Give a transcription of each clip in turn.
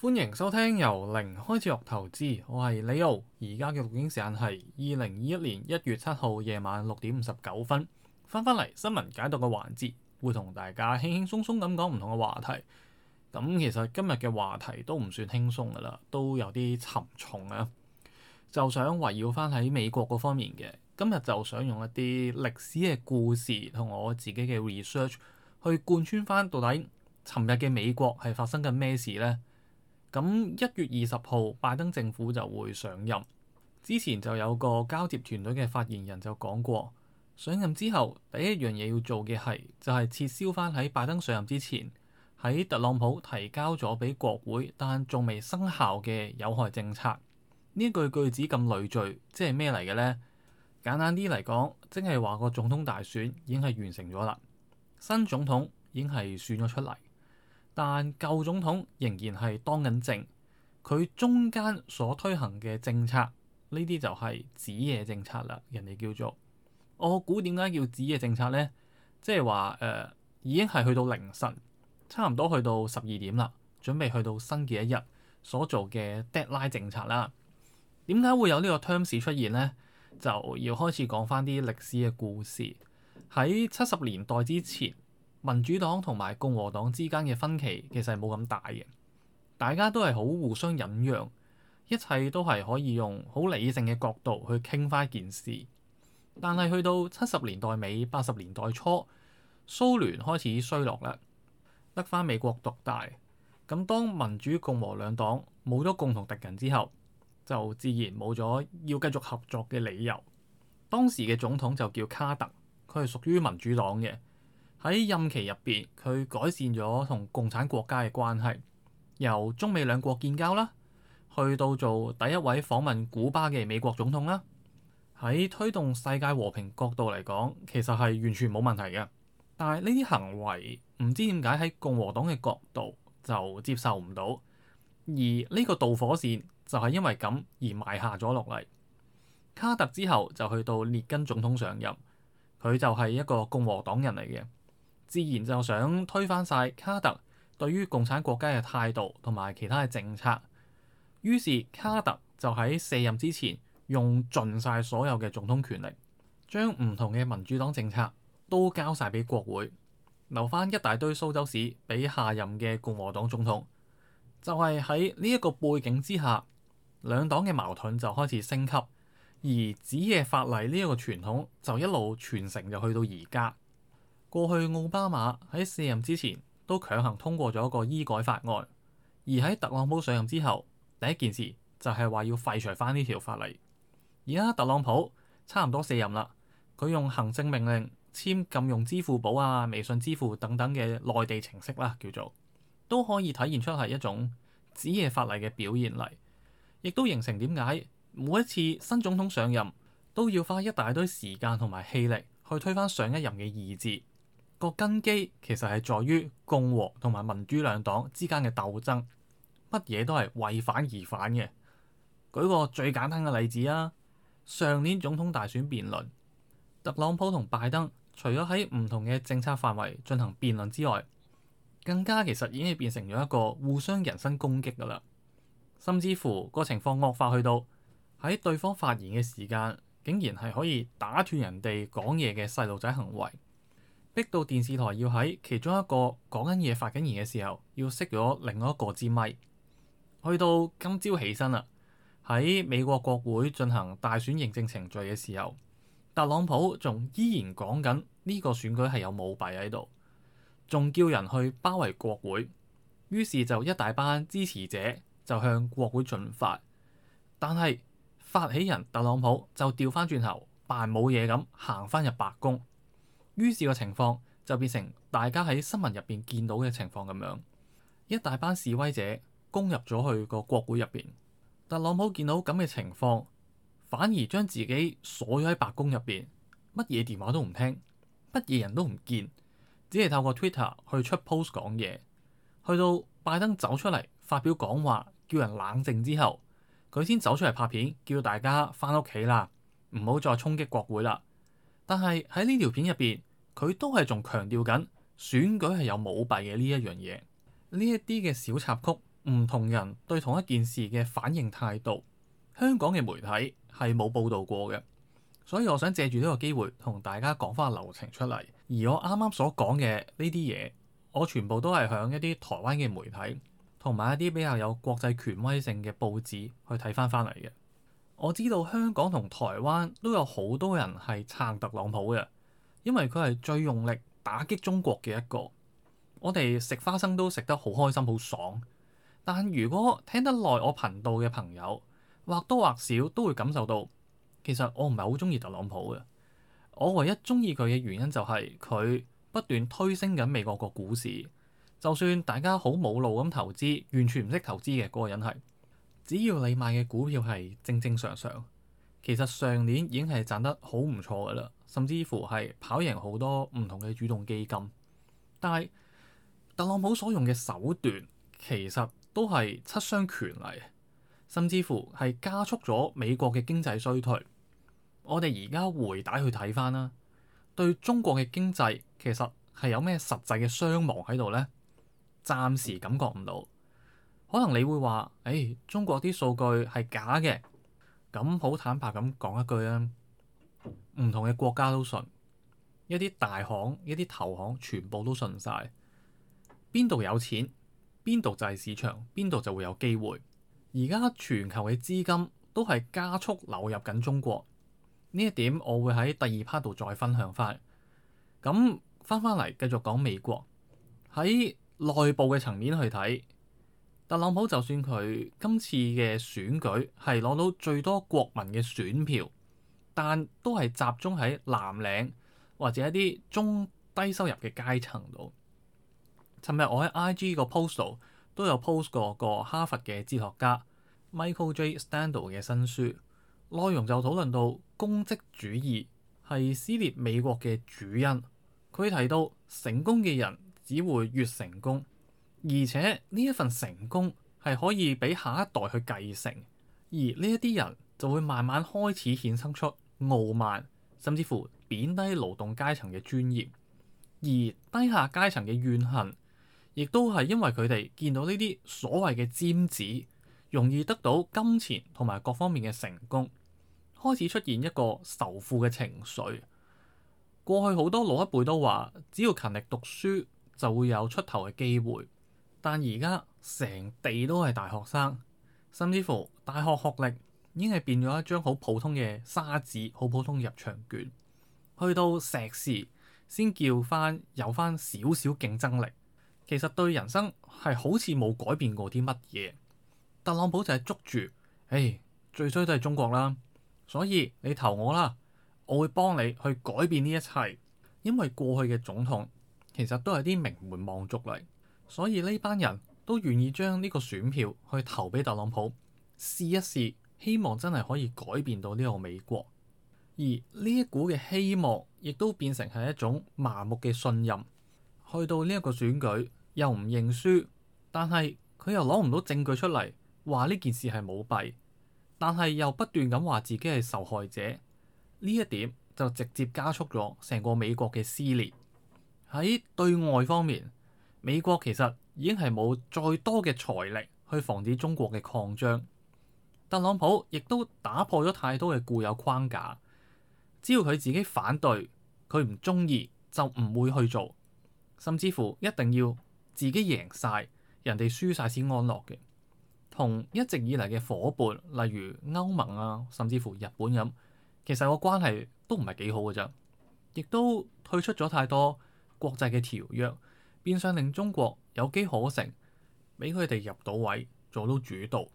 歡迎收聽由零開始學投資，我係 Leo。而家嘅錄影時間係二零二一年一月七號夜晚六點五十九分。翻返嚟新聞解讀嘅環節，會同大家輕輕鬆鬆咁講唔同嘅話題。咁、嗯、其實今日嘅話題都唔算輕鬆噶啦，都有啲沉重啊。就想圍繞翻喺美國嗰方面嘅今日，就想用一啲歷史嘅故事同我自己嘅 research 去貫穿翻到底，尋日嘅美國係發生緊咩事咧？咁一月二十號，拜登政府就會上任。之前就有個交接團隊嘅發言人就講過，上任之後第一樣嘢要做嘅係，就係撤銷翻喺拜登上任之前喺特朗普提交咗俾國會但仲未生效嘅有害政策。呢一句句子咁累贅，即係咩嚟嘅咧？簡單啲嚟講，即係話個總統大選已經係完成咗啦，新總統已經係選咗出嚟。但舊總統仍然係當緊政，佢中間所推行嘅政，政，政策呢啲就係子夜政策啦。人哋叫做我估點解叫子夜政策咧？即係話誒已經係去到凌晨，差唔多去到十二點啦，準備去到新嘅一日所做嘅 deadline 政策啦。點解會有呢個 terms 出現咧？就要開始講翻啲歷史嘅故事，喺七十年代之前。民主黨同埋共和黨之間嘅分歧其實係冇咁大嘅，大家都係好互相忍讓，一切都係可以用好理性嘅角度去傾翻一件事。但係去到七十年代尾八十年代初，蘇聯開始衰落啦，得翻美國獨大。咁當民主共和兩黨冇咗共同敵人之後，就自然冇咗要繼續合作嘅理由。當時嘅總統就叫卡特，佢係屬於民主黨嘅。喺任期入邊，佢改善咗同共產國家嘅關係，由中美兩國建交啦，去到做第一位訪問古巴嘅美國總統啦。喺推動世界和平角度嚟講，其實係完全冇問題嘅。但係呢啲行為唔知點解喺共和黨嘅角度就接受唔到，而呢個導火線就係因為咁而埋下咗落嚟。卡特之後就去到列根總統上任，佢就係一個共和黨人嚟嘅。自然就想推翻晒卡特對於共產國家嘅態度同埋其他嘅政策，於是卡特就喺卸任之前用盡晒所有嘅總統權力，將唔同嘅民主黨政策都交晒俾國會，留翻一大堆蘇州屎俾下任嘅共和黨總統。就係喺呢一個背景之下，兩黨嘅矛盾就開始升級，而子夜法例呢一個傳統就一路傳承，就去到而家。過去奧巴馬喺卸任之前都強行通過咗個醫改法案，而喺特朗普上任之後，第一件事就係話要廢除翻呢條法例。而家特朗普差唔多卸任啦，佢用行政命令簽禁用支付寶啊、微信支付等等嘅內地程式啦，叫做都可以體現出係一種子夜法例嘅表現嚟，亦都形成點解每一次新總統上任都要花一大堆時間同埋氣力去推翻上一任嘅意志。個根基其實係在於共和同埋民主兩黨之間嘅鬥爭，乜嘢都係為反而反嘅。舉個最簡單嘅例子啊，上年總統大選辯論，特朗普同拜登除咗喺唔同嘅政策範圍進行辯論之外，更加其實已經變成咗一個互相人身攻擊㗎啦。甚至乎個情況惡化，去到喺對方發言嘅時間，竟然係可以打斷人哋講嘢嘅細路仔行為。逼到電視台要喺其中一個講緊嘢、發緊言嘅時候，要熄咗另外一個支咪。去到今朝起身啦，喺美國國會進行大選認證程序嘅時候，特朗普仲依然講緊呢個選舉係有舞弊喺度，仲叫人去包圍國會。於是就一大班支持者就向國會進發，但係發起人特朗普就掉翻轉頭，扮冇嘢咁行翻入白宮。於是個情況就變成大家喺新聞入邊見到嘅情況咁樣，一大班示威者攻入咗去個國會入邊，特朗普見到咁嘅情況，反而將自己鎖咗喺白宮入邊，乜嘢電話都唔聽，乜嘢人都唔見，只係透過 Twitter 去出 post 講嘢。去到拜登走出嚟發表講話，叫人冷靜之後，佢先走出嚟拍片，叫大家返屋企啦，唔好再衝擊國會啦。但係喺呢條片入邊，佢都係仲強調緊選舉係有舞弊嘅呢一樣嘢。呢一啲嘅小插曲，唔同人對同一件事嘅反應態度，香港嘅媒體係冇報導過嘅。所以我想借住呢個機會同大家講翻流程出嚟。而我啱啱所講嘅呢啲嘢，我全部都係向一啲台灣嘅媒體同埋一啲比較有國際權威性嘅報紙去睇翻翻嚟嘅。我知道香港同台灣都有好多人係撐特朗普嘅，因為佢係最用力打擊中國嘅一個。我哋食花生都食得好開心、好爽。但如果聽得耐我頻道嘅朋友，或多或少都會感受到，其實我唔係好中意特朗普嘅。我唯一中意佢嘅原因就係佢不斷推升緊美國個股市。就算大家好冇腦咁投資，完全唔識投資嘅嗰個人係。只要你買嘅股票係正正常常，其實上年已經係賺得好唔錯㗎喇，甚至乎係跑贏好多唔同嘅主動基金。但係特朗普所用嘅手段其實都係七傷拳嚟，甚至乎係加速咗美國嘅經濟衰退。我哋而家回帶去睇翻啦，對中國嘅經濟其實係有咩實際嘅傷亡喺度呢？暫時感覺唔到。可能你會話，誒、哎、中國啲數據係假嘅。咁好坦白咁講一句咧，唔同嘅國家都信，一啲大行、一啲投行，全部都信晒。邊度有錢，邊度就係市場，邊度就會有機會。而家全球嘅資金都係加速流入緊中國。呢一點我會喺第二 part 度再分享翻。咁翻翻嚟繼續講美國喺內部嘅層面去睇。特朗普就算佢今次嘅選舉係攞到最多國民嘅選票，但都係集中喺藍領或者一啲中低收入嘅階層度。尋日我喺 IG 個 post 都有 post 過個哈佛嘅哲學家 Michael J. Sandel 嘅新書，內容就討論到功績主義係撕裂美國嘅主因。佢提到成功嘅人只會越成功。而且呢一份成功係可以俾下一代去繼承，而呢一啲人就會慢慢開始衍生出傲慢，甚至乎貶低勞動階層嘅專業。而低下階層嘅怨恨，亦都係因為佢哋見到呢啲所謂嘅尖子容易得到金錢同埋各方面嘅成功，開始出現一個仇富嘅情緒。過去好多老一輩都話只要勤力讀書就會有出頭嘅機會。但而家成地都係大學生，甚至乎大學學歷已經係變咗一張好普通嘅沙紙，好普通嘅入場券。去到碩士先叫返有返少少競爭力。其實對人生係好似冇改變過啲乜嘢。特朗普就係捉住，唉、哎，最衰都係中國啦，所以你投我啦，我會幫你去改變呢一切。因為過去嘅總統其實都係啲名門望族嚟。所以呢班人都願意將呢個選票去投俾特朗普，試一試，希望真係可以改變到呢個美國。而呢一股嘅希望亦都變成係一種麻木嘅信任，去到呢一個選舉又唔認輸，但係佢又攞唔到證據出嚟話呢件事係舞弊，但係又不斷咁話自己係受害者。呢一點就直接加速咗成個美國嘅撕裂。喺對外方面，美國其實已經係冇再多嘅財力去防止中國嘅擴張。特朗普亦都打破咗太多嘅固有框架，只要佢自己反對，佢唔中意就唔會去做，甚至乎一定要自己贏晒，人哋輸晒先安樂嘅。同一直以嚟嘅伙伴，例如歐盟啊，甚至乎日本咁、啊，其實個關係都唔係幾好㗎。啫，亦都退出咗太多國際嘅條約。變相令中國有機可乘，俾佢哋入到位，做到主導。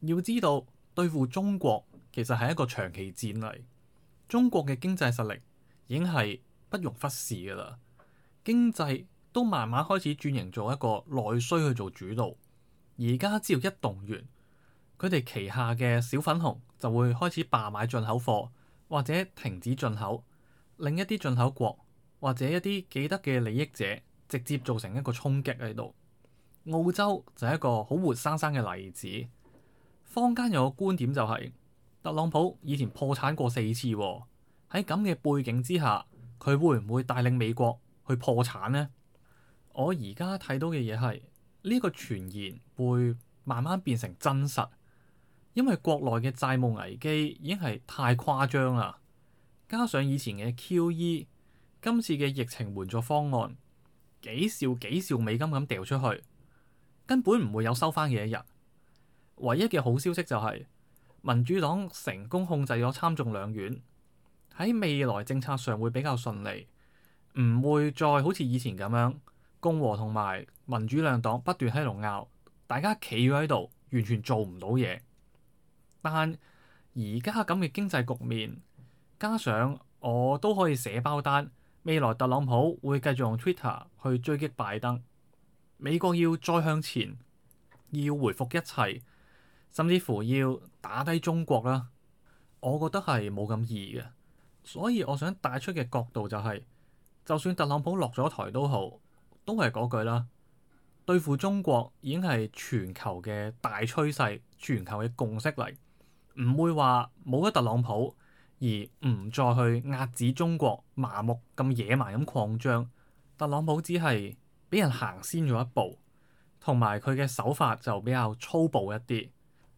要知道對付中國其實係一個長期戰嚟。中國嘅經濟實力已經係不容忽視噶啦，經濟都慢慢開始轉型，做一個內需去做主導。而家只要一動員，佢哋旗下嘅小粉紅就會開始罷買進口貨，或者停止進口，令一啲進口國或者一啲記得嘅利益者，直接造成一個衝擊喺度。澳洲就係一個好活生生嘅例子。坊間有個觀點就係特朗普以前破產過四次喎。喺咁嘅背景之下，佢會唔會帶領美國去破產呢？我而家睇到嘅嘢係呢個傳言會慢慢變成真實，因為國內嘅債務危機已經係太誇張啦。加上以前嘅 QE，今次嘅疫情援助方案。幾兆幾兆美金咁掉出去，根本唔會有收翻嘅一日。唯一嘅好消息就係民主黨成功控制咗參眾兩院，喺未來政策上會比較順利，唔會再好似以前咁樣共和同埋民主兩黨不斷喺度拗，大家企咗喺度完全做唔到嘢。但而家咁嘅經濟局面，加上我都可以寫包單。未來特朗普會繼續用 Twitter 去追擊拜登，美國要再向前，要回復一切，甚至乎要打低中國啦。我覺得係冇咁易嘅，所以我想帶出嘅角度就係、是，就算特朗普落咗台都好，都係嗰句啦，對付中國已經係全球嘅大趨勢，全球嘅共識嚟，唔會話冇咗特朗普。而唔再去壓止中國，麻木咁野蠻咁擴張，特朗普只係俾人行先咗一步，同埋佢嘅手法就比較粗暴一啲。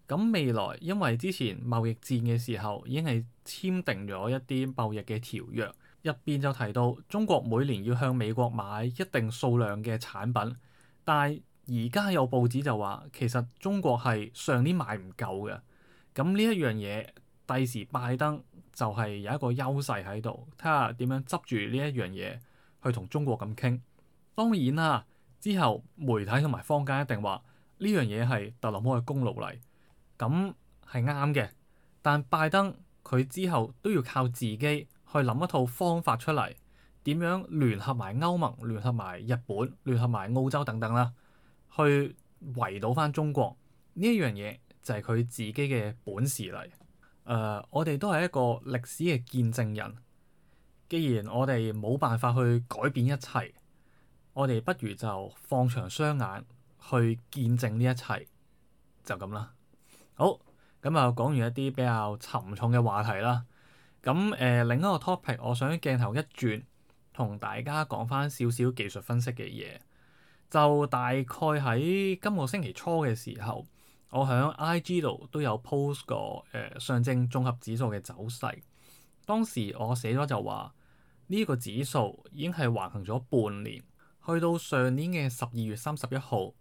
咁未來因為之前貿易戰嘅時候已經係簽訂咗一啲貿易嘅條約，入邊就提到中國每年要向美國買一定數量嘅產品，但係而家有報紙就話其實中國係上年買唔夠嘅，咁呢一樣嘢第時拜登。就係有一個優勢喺度，睇下點樣執住呢一樣嘢去同中國咁傾。當然啦，之後媒體同埋坊間一定話呢樣嘢係特朗普嘅功勞嚟，咁係啱嘅。但拜登佢之後都要靠自己去諗一套方法出嚟，點樣聯合埋歐盟、聯合埋日本、聯合埋澳洲等等啦，去圍堵返中國。呢一樣嘢就係佢自己嘅本事嚟。誒，uh, 我哋都係一個歷史嘅見證人。既然我哋冇辦法去改變一切，我哋不如就放長雙眼去見證呢一切，就咁啦。好，咁啊講完一啲比較沉重嘅話題啦。咁誒、呃，另一個 topic，我想鏡頭一轉，同大家講翻少少技術分析嘅嘢。就大概喺今個星期初嘅時候。我喺 I G 度都有 post 過誒、呃、上證綜合指數嘅走勢。當時我寫咗就話呢、這個指數已經係橫行咗半年，去到上年嘅十二月三十一號，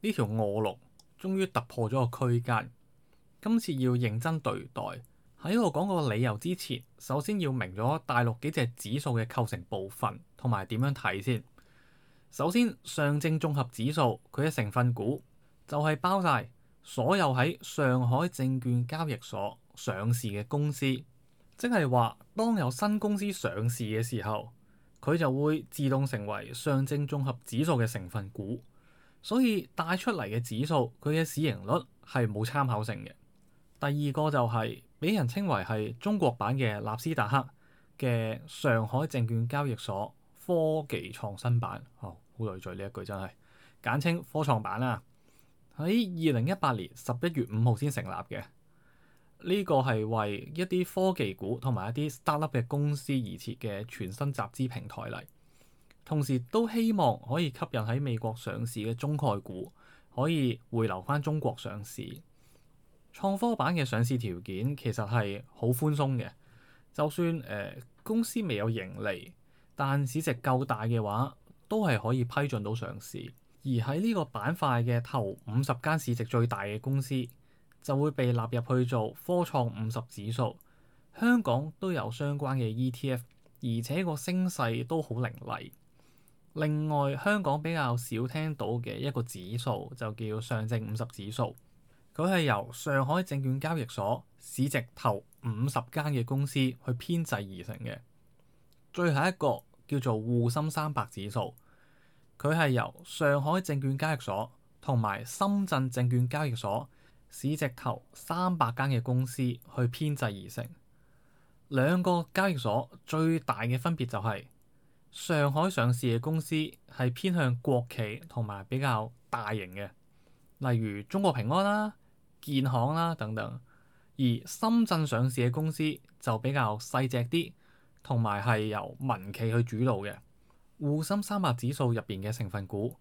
呢條臥龍終於突破咗個區間。今次要認真對待。喺我講個理由之前，首先要明咗大陸幾隻指數嘅構成部分同埋點樣睇先。首先，上證綜合指數佢嘅成分股就係包晒。所有喺上海證券交易所上市嘅公司，即係話，當有新公司上市嘅時候，佢就會自動成為上證綜合指數嘅成分股，所以帶出嚟嘅指數佢嘅市盈率係冇參考性嘅。第二個就係、是、俾人稱為係中國版嘅納斯達克嘅上海證券交易所科技創新板，哦，好累贅呢一句真係，簡稱科創板啦。喺二零一八年十一月五號先成立嘅，呢、這個係為一啲科技股同埋一啲 start-up 嘅公司而設嘅全新集資平台嚟。同時都希望可以吸引喺美國上市嘅中概股可以回流返中國上市。創科板嘅上市條件其實係好寬鬆嘅，就算誒、呃、公司未有盈利，但市值夠大嘅話，都係可以批准到上市。而喺呢個板塊嘅頭五十間市值最大嘅公司，就會被納入去做科創五十指數。香港都有相關嘅 ETF，而且個升勢都好凌厲。另外，香港比較少聽到嘅一個指數就叫上證五十指數，佢係由上海證券交易所市值頭五十間嘅公司去編製而成嘅。最後一個叫做滬深三百指數。佢係由上海證券交易所同埋深圳證券交易所市值頭三百間嘅公司去編製而成。兩個交易所最大嘅分別就係、是，上海上市嘅公司係偏向國企同埋比較大型嘅，例如中國平安啦、建行啦等等；而深圳上市嘅公司就比較細隻啲，同埋係由民企去主導嘅。滬深三百指數入邊嘅成分股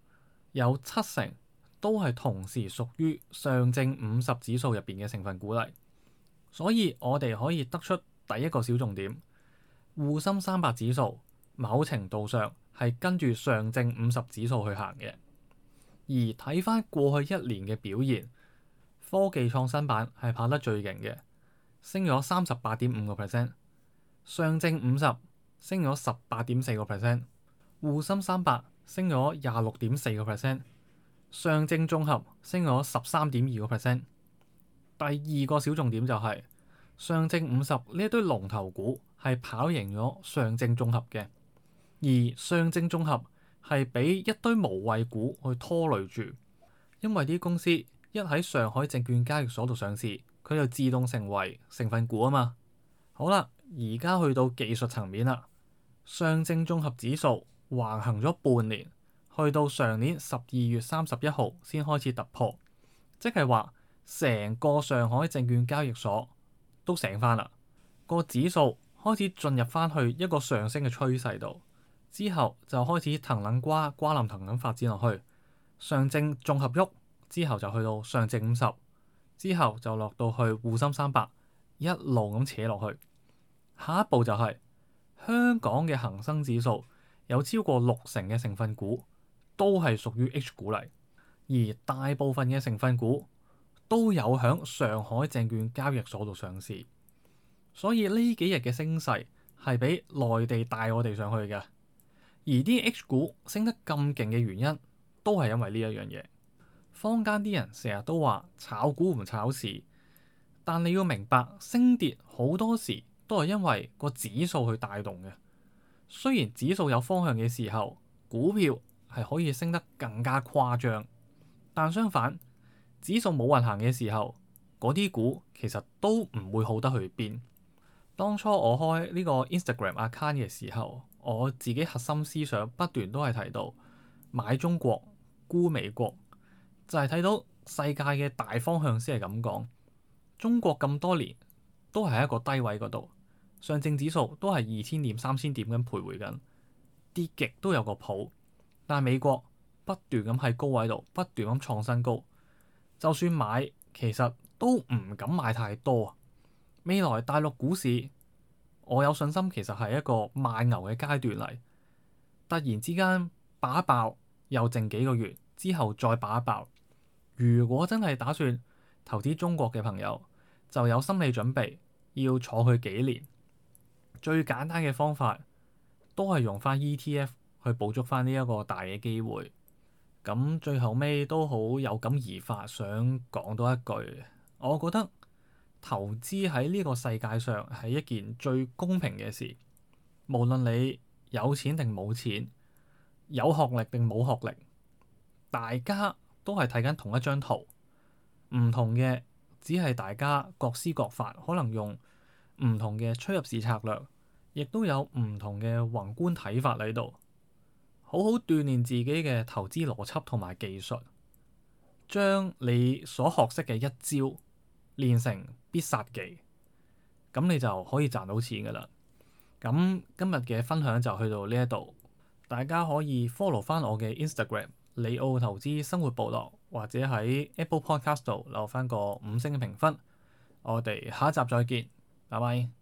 有七成都係同時屬於上證五十指數入邊嘅成分股嚟，所以我哋可以得出第一個小重點：滬深三百指數某程度上係跟住上證五十指數去行嘅。而睇翻過去一年嘅表現，科技創新版係跑得最勁嘅，升咗三十八點五個 percent，上證五十升咗十八點四個 percent。滬深三百升咗廿六點四個 percent，上證綜合升咗十三點二個 percent。第二個小重點就係：上證五十呢一堆龍頭股係跑贏咗上證綜合嘅，而上證綜合係俾一堆無謂股去拖累住，因為啲公司一喺上海證券交易所度上市，佢就自動成為成分股啊嘛。好啦，而家去到技術層面啦，上證綜合指數。橫行咗半年，去到上年十二月三十一號先開始突破，即係話成個上海證券交易所都醒翻啦。個指數開始進入翻去一個上升嘅趨勢度，之後就開始藤冷瓜瓜林藤咁發展落去。上證綜合喐之後就去到上證五十，之後就落到去滬深三百，一路咁扯落去。下一步就係、是、香港嘅恒生指數。有超過六成嘅成分股都係屬於 H 股嚟，而大部分嘅成分股都有響上海證券交易所度上市，所以呢幾日嘅升勢係俾內地帶我哋上去嘅。而啲 H 股升得咁勁嘅原因，都係因為呢一樣嘢。坊間啲人成日都話炒股唔炒市，但你要明白升跌好多時都係因為個指數去帶動嘅。雖然指數有方向嘅時候，股票係可以升得更加誇張，但相反，指數冇運行嘅時候，嗰啲股其實都唔會好得去邊。當初我開呢個 Instagram account 嘅時候，我自己核心思想不斷都係提到買中國、沽美國，就係、是、睇到世界嘅大方向先係咁講。中國咁多年都係一個低位嗰度。上證指數都係二千點、三千點咁徘徊緊，跌極都有個譜。但美國不斷咁喺高位度，不斷咁創新高。就算買，其實都唔敢買太多啊。未來大陸股市，我有信心，其實係一個慢牛嘅階段嚟。突然之間把爆，爆，又剩幾個月之後再把爆，爆。如果真係打算投資中國嘅朋友，就有心理準備要坐佢幾年。最簡單嘅方法都係用翻 ETF 去捕捉翻呢一個大嘅機會。咁最後尾都好有感而發，想講多一句，我覺得投資喺呢個世界上係一件最公平嘅事。無論你有錢定冇錢，有學歷定冇學歷，大家都係睇緊同一張圖，唔同嘅只係大家各施各法，可能用唔同嘅出入市策略。亦都有唔同嘅宏觀睇法喺度，好好鍛煉自己嘅投資邏輯同埋技術，將你所學識嘅一招練成必殺技，咁你就可以賺到錢噶啦。咁今日嘅分享就去到呢一度，大家可以 follow 翻我嘅 Instagram 李奧投資生活部落，或者喺 Apple Podcast 度留翻個五星評分。我哋下一集再見，拜拜。